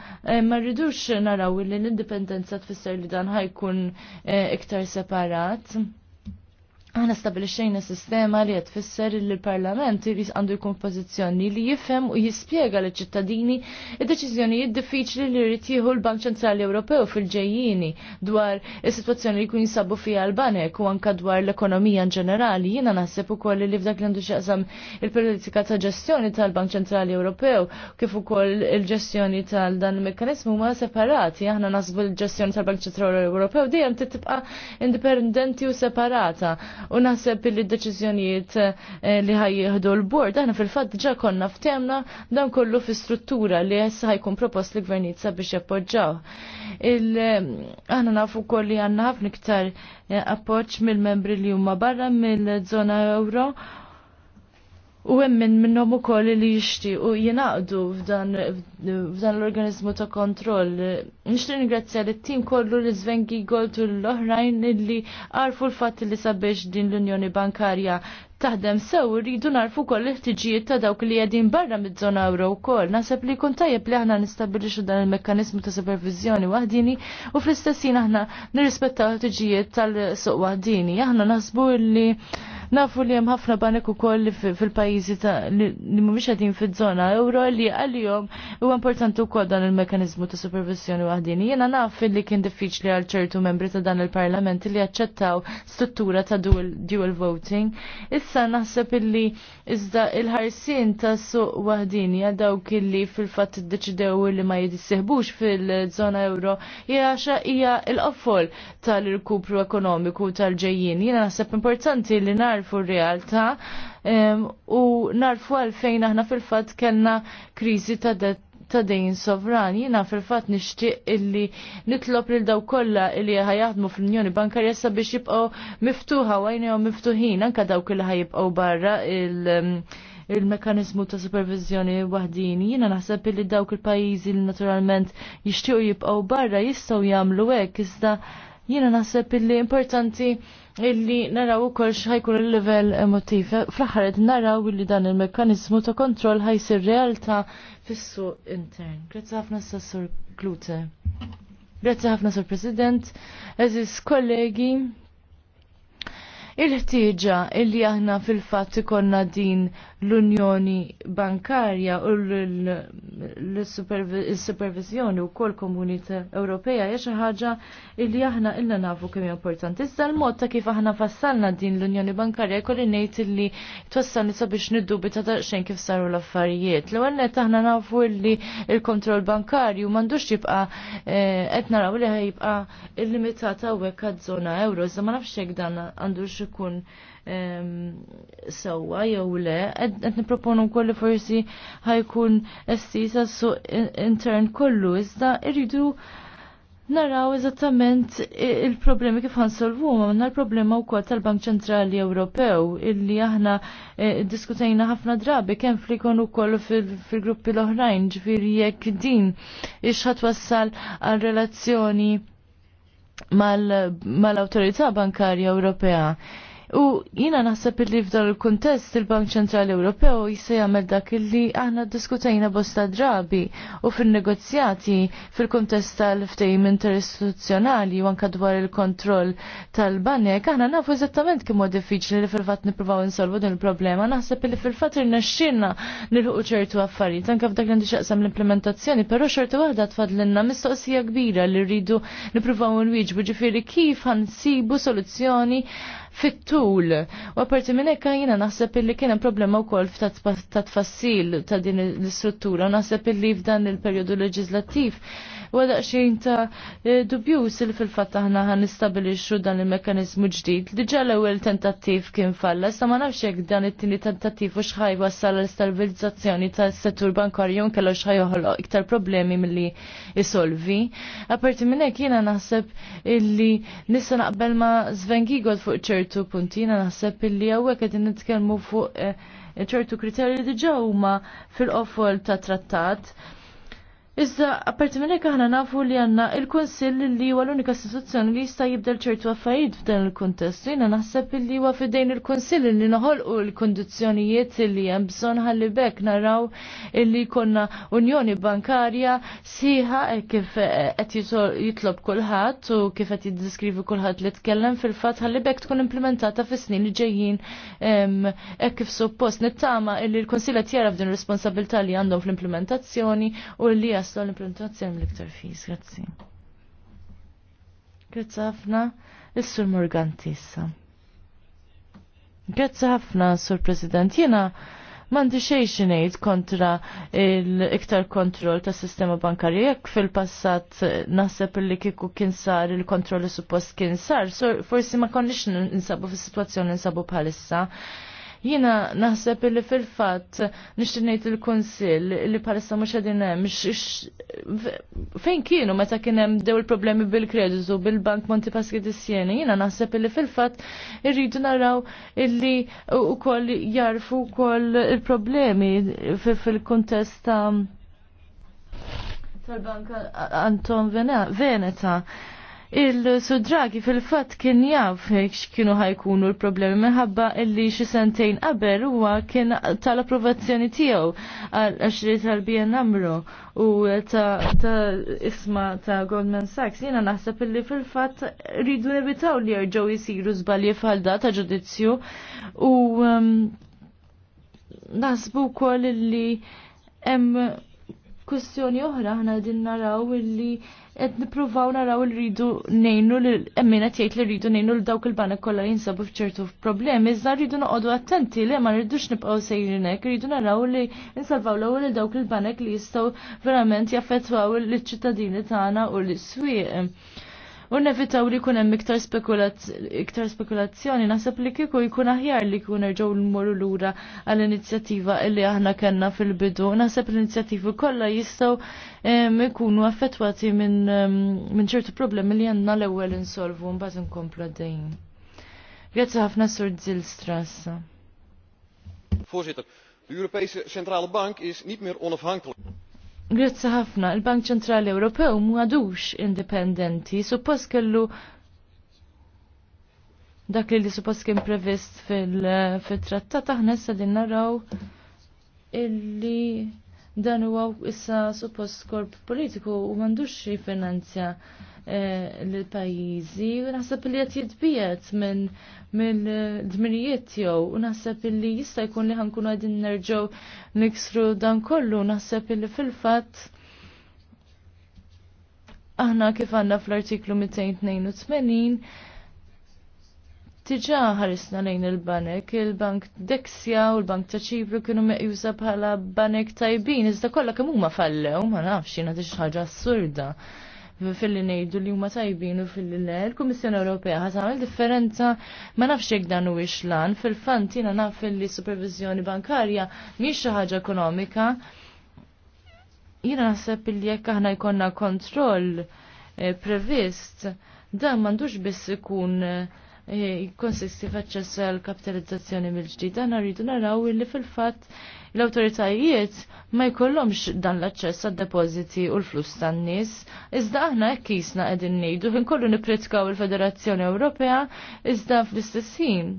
ma rridux naraw illi l-indipendenza tfisser li dan ħajkun eh, iktar separat. Għana stabilixxejna sistema li qed tfisser li l-Parlament jiris għandu jkun pożizzjoni li jifhem u jispjega liċ ċittadini il deċiżjonijiet diffiċli li jrid jieħu l-Bank Ċentrali Ewropew fil-ġejjini dwar is-sitwazzjoni li jkun jinsabu fiha l-banek u anke dwar l-ekonomija in ġenerali. Jiena naħseb koll li f'dak li għandu x'jaqsam il-politika ta' ġestjoni tal-Bank Ċentrali Ewropew kif ukoll il-ġestjoni tal-dan il ma huma separati. Aħna naħsbu l-ġestjoni tal-Bank Ċentrali Ewropew dejjem tibqa' indipendenti u separata u naħseb li d-deċiżjonijiet eh, li ħajjieħdu l-bord aħna fil-fatt diġà konna ftemna dan kollu fi struttura li issa ħajkun propost li gvernijiet sabiex jappoġġaw. Eh, aħna nafu wkoll li għandna ħafna iktar eh, appoġġ mill-membri li huma barra mill zona euro U emmin minnom u koll li jishti u jenaqdu f'dan l-organizmu ta' kontroll. Nishti ringrazzja li t-tim kollu li zvengi goltu l-oħrajn li għarfu l-fat li sabiex din l-Unjoni Bankarja taħdem sew rridu narfu koll l-ħtiġijiet ta' dawk li għedin barra mid zona euro wkoll. Naħseb li kun tajjeb li aħna nistabilixu dan il-mekkanizmu ta' supervizjoni waħdini u fl-istessin aħna nirrispettaw l-ħtiġijiet tal-suq wahdini. Aħna naħsbu li Nafu li hemm ħafna banek ukoll fil-pajjiżi li mhumiex qegħdin fiż-żona euro li għalihom huwa importanti wkoll dan il mekanizmu ta' supervisjoni waħdin. Jiena naf li kien diffiċli għal ċertu membri ta' dan il-Parlament li jaċċettaw struttura ta' dual voting. Issa naħseb illi iżda il-ħarsien ta' suq waħdini dawk illi fil-fatt iddeċidew li ma jidissieħbux fil zona euro hija hija l-qoffol tal-irkupru ekonomiku tal-ġejjin. Jiena naħseb importanti li nar narfu r um, u narfu għalfejn aħna fil-fatt kellna kriżi ta' ta' dejn sovran. Jina fil-fat nishtiq illi nitlob lil daw kolla illi ħajaħdmu fl-Unjoni Bankarja sabiex jibqaw miftuħa għajna miftuħin anka dawk kolla ħajibqaw barra il- il-mekanizmu ta' supervizjoni wahdin. Jina naħseb illi dawk il-pajizi li naturalment jishtiqu jibqaw barra jistaw jamlu hekk iżda Jiena naħseb illi importanti illi naraw ukoll x'ħajkun il level emotif. Fl-aħħar naraw illi dan il mekanizmu ta' kontroll ħajsir realtà fis-suq intern. Grazzi ħafna Sassur Klute. Grazzi ħafna Sur President, eżis kollegi il-ħtieġa illi aħna fil-fatt ikonna din l-Unjoni Bankarja u l-supervizjoni u kol komunità Ewropea hija xi ħaġa illi aħna illa nafu kemm importanti. Iżda l-mod ta' kif aħna fassalna din l-Unjoni Bankarja jkolli ngħid illi twassalni sabiex niddubi ta' xejn kif saru l-affarijiet. L-ewwel net aħna nafu illi il-kontroll bankarju m'għandux jibqa' eh, qed naraw li ħajbqa' illimitat hawnhekk għaż-żona euro, iżda ma nafx dan għandu ikun ehm, sewwa jew le, qed nipproponu wkoll li forsi ħajkun estisa suq intern kollu iżda irridu Naraw eżattament il-problemi kif ħansolvu, minna l-problema u tal-Bank Ċentrali Ewropew, illi aħna e, diskutajna ħafna drabi, kem flikon u kollu fil-gruppi l-oħrajn, ġviri jekk din, ixħat wassal għal relazzjoni mal-Autorità Bankarja Ewropea U jina naħseb li f'dan il-kontest il-Bank Ċentrali Ewropew jista' jagħmel dak illi aħna ddiskutejna bosta drabi u fin-negozjati fil-kontest tal-ftehim interistituzzjonali u anke dwar il-kontroll tal-banek aħna nafu eżattament kemm huwa diffiċli li fil-fatt nippruvaw insolvu din il-problema. Naħseb li fil-fatt irnexxinna nilħuqu ċertu affarijiet anke f'dak li xaqsam l-implementazzjoni, però xorta waħda tfadlilna mistoqsija kbira li rridu nippruvaw nwieġbu ġifieri kif ħansibu soluzzjoni fit-tul. U apparti minn hekk jiena naħseb illi kien hemm problema wkoll ta' tfassil ta' din l-istruttura u naħseb illi f'dan il-perjodu leġislattiv u xejn ta' dubjus il fil-fatt aħna ħan nistabilixxu dan il mekanizmu ġdid. Diġà l-ewwel tentattiv kien falla, sa ma nafx hekk dan it-tieni tentattiv u xħaj wassal l-istabilizzazzjoni tas-settur bankarju nkella xħaj joħoloq iktar problemi milli isolvi. Aperti minn hekk jiena naħseb illi nista' naqbel ma' Sven fuq ċertu punti, jiena naħseb illi hawnhekk qegħdin nitkellmu fuq eh, ċertu kriterji diġà huma fil-qofol ta' trattat Iżda, apparti minn hekk aħna nafu li għandna il-Kunsill li huwa l-unika istituzzjoni li jista' jibdel ċertu affarijiet f'dan il-kuntest. Jiena naħseb li huwa f'idejn il-Kunsill li noħolqu l-kondizzjonijiet li hemm bżonn ħalli bekk naraw li konna Unjoni Bankarja siħa e kif qed jitlob kulħadd u kif qed jiddiskrivi kulħadd li tkellem fil-fatt ħalli bekk tkun implementata fis-snin li ġejjin hekk e kif suppost. Nittama li l-Kunsill qed jara f'din responsabilità li għandhom fl-implementazzjoni u li jaslu l-implementazzjoni mill-iktar fis. Grazzi. Grazzi ħafna is-Sur Morgan tissa. Grazzi ħafna, Sur President. Jena mandi xejn kontra l-iktar kontroll tas sistema bankarja jekk fil-passat naħseb li kieku kien sar il kontrolli li suppost kien sar, forsi ma konniex ninsabu fis-sitwazzjoni ninsabu bħalissa. Jiena naħseb li fil-fatt nishtinajt ngħid il-Kunsill li palissa mhux qegħdin hemm fejn kienu meta kien hemm dew il-problemi bil-kreditu bil-Bank Monti Paschi di Siena. Jiena naħseb li fil-fatt irridu naraw illi ukoll jarfu wkoll il-problemi fil-kuntest ta' tal-Banka Anton Veneta il-sudragi fil-fat kien jaf x'kienu ħajkunu l-problemi minħabba illi xi sentejn qabel huwa kien tal-approvazzjoni tiegħu għal għaxri tal-bien namru u ta' isma ta' Goldman Sachs jiena naħseb illi fil-fatt rridu nevitaw li jerġgħu jisiru żbalji bħal da ta' ġudizzju u um, naħsbu wkoll illi hemm Kwestjoni oħra ħna din naraw illi qed nippruvaw naraw li rridu ngħinu li emmina tgħid li rridu ngħinu l dawk il-banek kollha jinsabu f'ċertu problemi, iżda rridu noqogħdu attenti li ma rridux nibqgħu sejrin hekk, rridu naraw li nsalvaw l-ewwel dawk il-banek li jistgħu verament jaffettwaw liċ-ċittadini tagħna u l-iswieq. U nevitaw li jkun hemm iktar spekulazzjoni, naħseb li kieku jkun aħjar li kun erġgħu l l lura għall-inizjattiva illi aħna kellna fil-bidu. Naħseb l-inizjattivi kollha jistgħu ikunu affettwati minn ċertu problemi li għandna l-ewwel insolvu mbagħad inkomplu għaddejjin. Grazzi ħafna Sur Zilstras. Voorzitter, de Europese Centrale Bank is niet meer onafhankelijk. Grazzi ħafna, il-Bank Ċentrali Ewropew m'għadux indipendenti, suppost kellu dak li suppost kien previst fil-trattat aħna issa din naraw illi dan huwa issa suppost korp politiku u m'għandux finanzja Eh, l-pajizi u naħseb li qed jitbiet minn mill-dmirijiet eh, tiegħu u naħseb li jista' jkun li ħankunu qegħdin nerġgħu niksru dan kollu naħseb li fil-fatt aħna kif għandna fl-artiklu 282 Tiġa ħarisna lejn il-banek, il-bank Dexia u l-bank ta' ċipru kienu meqjusa bħala banek tajbin, iżda kollha kemm huma fallew, ma nafx jiena ħaġa assurda fil-li nejdu li huma tajbin u fil-li le. Il-Kummissjoni Ewropea ħat għamil differenza ma nafx jekk dan u lan. Fil-fant jiena naf li supervizjoni bankarja miex xi ħaġa ekonomika. Jiena naħseb li jekk aħna jkollna kontroll eh, previst, dan m'għandux biss ikun eh, Eh, konsisti f'aċċess għal kapitalizzazzjoni mill-ġdid. Dan rridu naraw li fil-fatt l-awtoritajiet ma jkollhomx dan l-aċċess għad depożiti u l-flus tan-nies. Iżda aħna hekk kisna qegħdin ngħidu ħin *laughs* kollu nippritkaw il-Federazzjoni Ewropea iżda fl-istess ħin.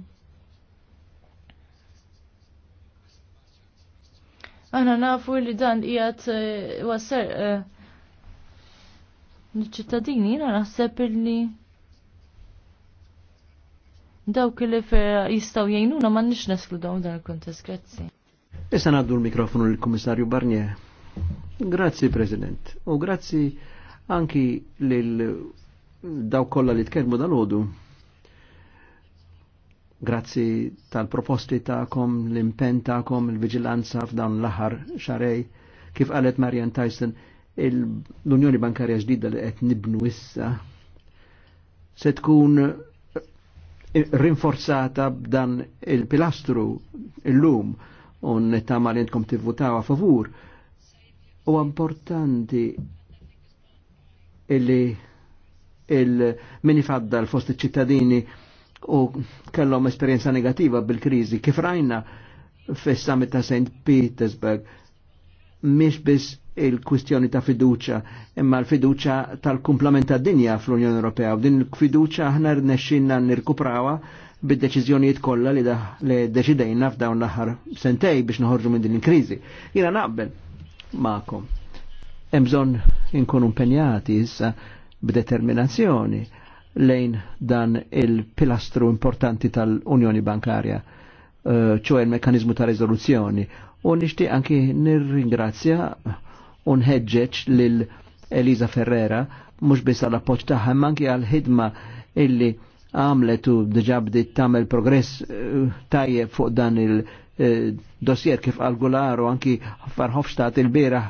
Aħna nafu li dan qiegħed eh, wasser eh, ċittadini naħseb illi dawk li jistaw jgħinuna ma nix neslu dawn dan il-kontest, grazzi. Issa naddu l-mikrofonu l-Komissarju Barnier. Grazzi, President, u grazzi anki l daw kolla li tkellmu dal-ħodu. Grazzi tal-proposti ta'kom, l-impen ta'kom, il-vigilanza f'dawn l-aħar xarej, kif qalet Marian Tyson, l-Unjoni Bankarja ġdida li qed nibnu issa se tkun rinforzata b'dan il-pilastru il-lum un tama li intkom tivvutaw a favur u importanti illi il fadda l fost ċittadini u kellhom esperjenza negativa bil-kriżi kif rajna fis-summit ta' St. Petersburg mhix biss il-kwistjoni ta' fiduċa, imma l-fiduċa tal-kumplament ta' dinja fl-Unjoni Ewropea u din il-fiduċa aħna rnexxinna nirkuprawa bid-deċiżjonijiet kollha li, li deċidejna f'dawn l-aħħar sentej biex noħorġu minn din il-kriżi. Jiena naqbel magħkom. Hemm bżonn inkunu impenjati issa b'determinazzjoni lejn dan il-pilastru importanti tal-Unjoni Bankarja, eh, ċoħe il-mekanizmu ta' rezoluzzjoni. U nishtiq anki nirringrazzja unħedġeċ lil Eliza Ferrera, mux bis għal appoċ taħħa, manki għal ħidma illi għamlet u dġabdit tamel progress eh, tajjeb fuq dan il-dossier eh, kif għal Gularu, anki Farhofstadt il bira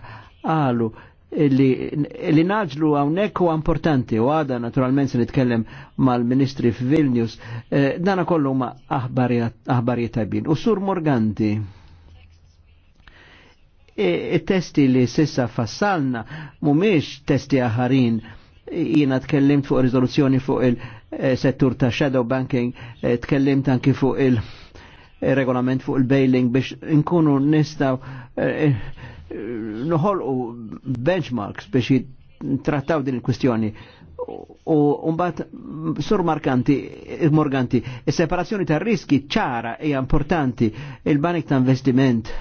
għalu li naġlu għawnek u importanti u għada naturalment se nitkellem mal-ministri f'Vilnius, eh, dana kollu ma aħbarijiet tajbin. U sur Morganti. E, e, testi li sissa fassalna mumiex testi aħarin e, jina tkellimt fuq rizoluzzjoni fuq il-settur ta' shadow banking, tkellimt anki fuq il-regolament fuq il-bailing biex nkunu nistaw noħolqu benchmarks biex trattaw din il-kwistjoni. U mbagħad sur markanti, morganti, is-separazzjoni tar-riski ċara hija importanti il-banik ta' investiment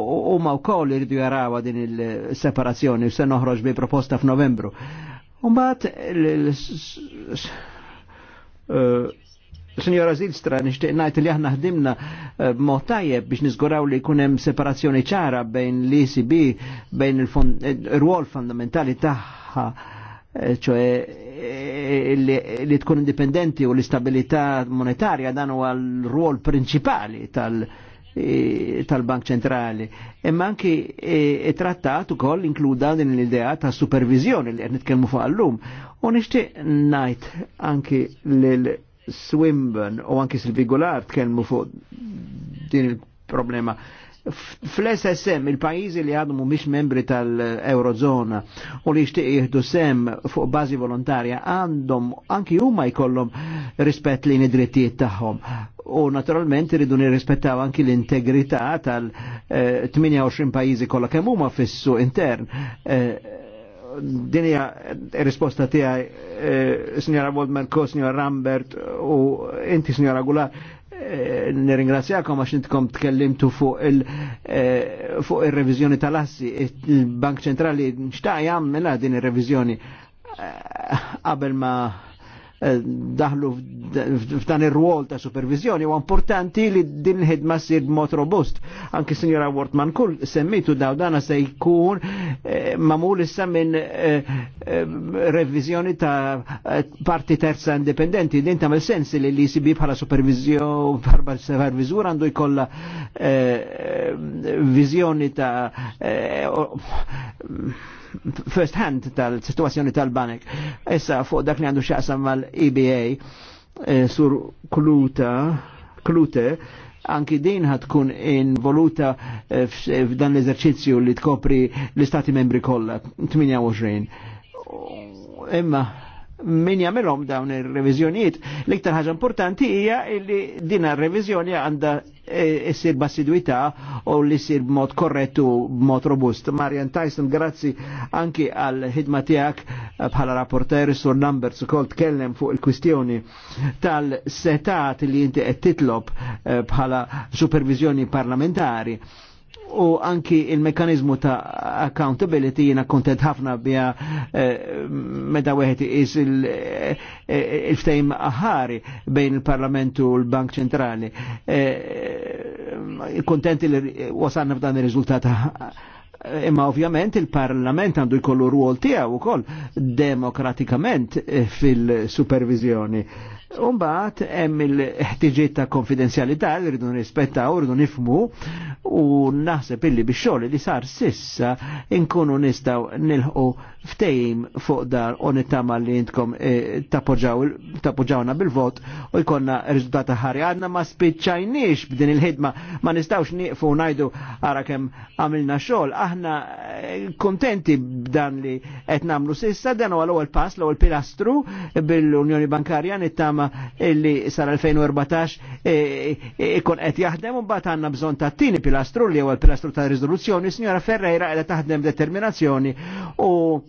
u ma u koll irridu jarawa din il-separazzjoni u se noħroġ bi proposta f'Novembru. Umbat eh, Signora Zilstra, nishtiq najt li aħna ħdimna eh, b'mod biex nizguraw li kunem separazzjoni ċara bejn l-ECB, bejn il-rwol fondamentali taħħa, eh, ċoħe li tkun indipendenti u l-istabilità monetarja dan huwa l-rwol prinċipali tal- Eh, tal-Bank Ċentrali. Imma anki eh, trattat ukoll inkluda din l-idea ta' supervizjoni li qed nitkellmu fuq allum. U nixtieq ngħid anki lil Swinburne u anki Silvi Gular tkellmu fuq din il-problema Fl-SSM, il-pajizi li għadmu mux membri tal-Eurozona u li xtiq jihdu sem fuq bazi volontarja għandhom anki huma jkollhom rispett li id-drittijiet tagħhom u naturalment iridu nirrispettaw anki l-integrità tal-28 eh, pajjiżi kollha kemm huma fissu intern. Eh, Dinja risposta tiegħi, eh, Signora Waldman Ko, Signora Rambert u inti Signora Gular Eh, nirringrazzjakom għax intkom tkellimtu fuq il eh, fuq ir-reviżjoni tal-assi il-Bank Ċentrali xtaqja jagħmel din ir-reviżjoni eh, qabel ma Eh, daħlu f'dan ir-rwol ta' supervizjoni u importanti li din il-ħidma sir b'mod robust. Anki Sinjora Wortman kull semmitu daw dana se jkun eh, mamul issa minn eh, eh, revizjoni ta' parti terza indipendenti. Din tagħmel sens li li sibi bħala supervizjoni bħarba supervizur għandu jkollha vizjoni ta' first hand tal-situazzjoni tal-banek. Issa fuq dak li għandu xaqsam mal-EBA eh, sur kluta, klute, anki din ħatkun involuta eh, f'dan l-eżerċizzju li tkopri l-istati membri kollha 28. Imma min jagħmilhom dawn ir-reviżjonijiet. L-iktar ħaġa importanti hija li din ir-reviżjoni għandha e, issir e b'assidwità u li ssir b'mod korrettu b'mod robust. Marian Tyson, grazzi anki għal ħidma tiegħek bħala rapporter sur Numbers ukoll tkellem fuq il-kwistjoni tal-setat li inti qed titlob e, bħala supervizjoni parlamentari u anki il-mekanizmu ta' accountability jina kontent ħafna bija eh, meta weħet is eh, il-ftejm ħari bejn il-Parlamentu u l-Bank Ċentrali. Eh, li wasanna f'dan il rizultat imma ovvjament il-parlament għandu jkollu ruol tiegħu wkoll demokratikament eh, fil-supervizjoni. Umbaħt hemm il-ħtiġiet ta' konfidenzjalità li rridu nrispettaw, rridu nifmu u naħseb illi bix xogħol li sar sissa inkunu nistgħu nilħu ftejim fuq dar u nittama li intkom eh, tappoġġawna bil-vot u jkollna riżultata ħari. Għadna ma spiċċajniex b'din il-ħidma ma nistgħux nieqfu ngħidu ara kemm għamilna xogħol. Aħna eh, kontenti b'dan li qed nagħmlu sissa dan huwa l-ewwel pass, l-ewwel pilastru bil-Unjoni Bankarja nittam programma li sar-2014 e, e, ikon qed jaħdem u mbagħad għandna bżonn ta' tini pilastru li huwa l-pilastru ta' riżoluzzjoni, Signora Ferreira qiegħda taħdem determinazzjoni u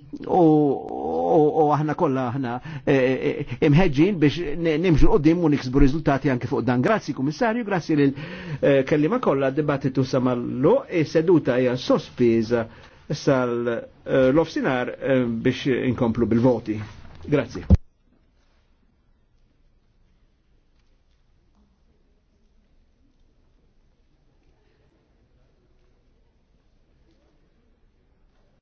aħna kollha aħna e, imħeġġin biex nimxu qudiem u niksbu riżultati anke fuq dan. Grazzi Kummissarju, grazzi lil kellima kollha dibattitu samallu, E seduta hija sospiża sal l-ofsinar biex inkomplu bil-voti. Grazie.